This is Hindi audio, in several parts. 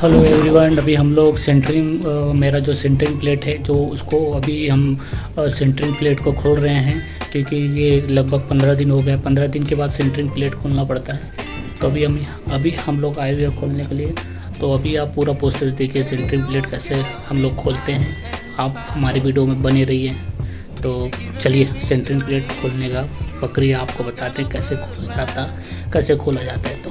हेलो एवरीवन अभी हम लोग सेंटरिंग मेरा जो सेंटरिंग प्लेट है जो उसको अभी हम सेंटरिंग प्लेट को खोल रहे हैं क्योंकि ये लगभग पंद्रह दिन हो गया पंद्रह दिन के बाद सेंटरिंग प्लेट खोलना पड़ता है तो अभी हम अभी हम लोग आए हुए हैं खोलने के लिए तो अभी आप पूरा प्रोसेस देखिए सेंटरिंग प्लेट कैसे हम लोग खोलते हैं आप हमारी वीडियो में बने रहिए तो चलिए सेंटरिंग प्लेट खोलने का प्रक्रिया आपको बताते हैं कैसे खोला जाता कैसे खोला जाता है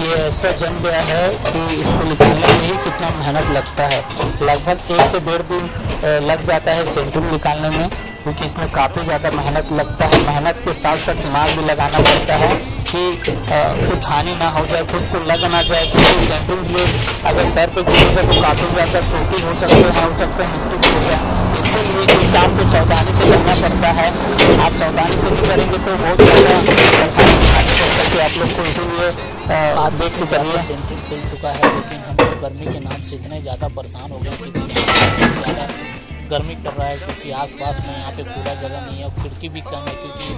ये ऐसा जम गया है कि इसको निकालने में ही कितना मेहनत लगता है लगभग एक से डेढ़ दिन लग जाता है सेंटूम निकालने में क्योंकि इसमें काफ़ी ज़्यादा मेहनत लगता है मेहनत के साथ साथ दिमाग भी लगाना पड़ता है कि कुछ हानि ना हो जाए खुद को लग ना जाए क्योंकि सेंटू ब्लेड अगर सर पर गिरेगा तो काफ़ी ज़्यादा चोटी हो सकती है हो सकता है मृत्यु हो जाए इसीलिए कि काम को सावधानी से करना पड़ता है आप सावधानी से नहीं करेंगे तो बहुत ज़्यादा परेशानी कि आप लोग को इसीलिए देख है तो खुल चुका है लेकिन हम लोग गर्मी के नाम से इतने ज़्यादा परेशान हो गए क्योंकि ज़्यादा गर्मी पड़ रहा है क्योंकि आस पास में यहाँ पे पूरा जगह नहीं है और खिड़की भी कम है क्योंकि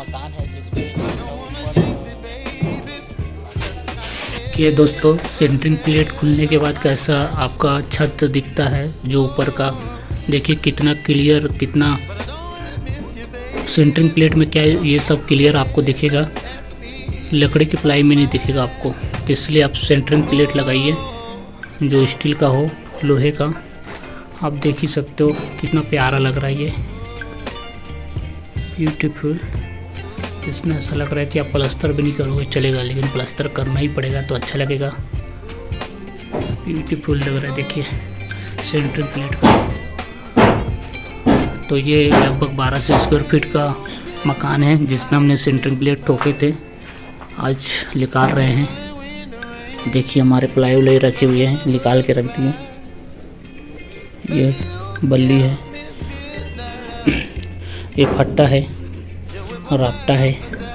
मकान है जिसमें ये दोस्तों सेंटरिंग प्लेट खुलने के बाद कैसा आपका छत दिखता है जो ऊपर का देखिए कितना क्लियर कितना सेंटरिंग प्लेट में क्या ये सब क्लियर आपको दिखेगा लकड़ी की प्लाई में नहीं दिखेगा आपको इसलिए आप सेंटरिंग प्लेट लगाइए जो स्टील का हो लोहे का आप देख ही सकते हो कितना प्यारा लग रहा है ये ब्यूटीफुल इसमें ऐसा लग रहा है कि आप प्लास्टर भी नहीं करोगे चलेगा लेकिन प्लास्टर करना ही पड़ेगा तो अच्छा लगेगा ब्यूटीफुल लग रहा है देखिए सेंटर प्लेट का तो ये लगभग 1200 स्क्वायर फीट का मकान है जिसमें हमने सेंटर प्लेट ठोके थे आज निकाल रहे हैं देखिए हमारे प्लाई उलाई रखे हुए हैं निकाल के रख दिए ये बल्ली है ये फट्टा है रापटा है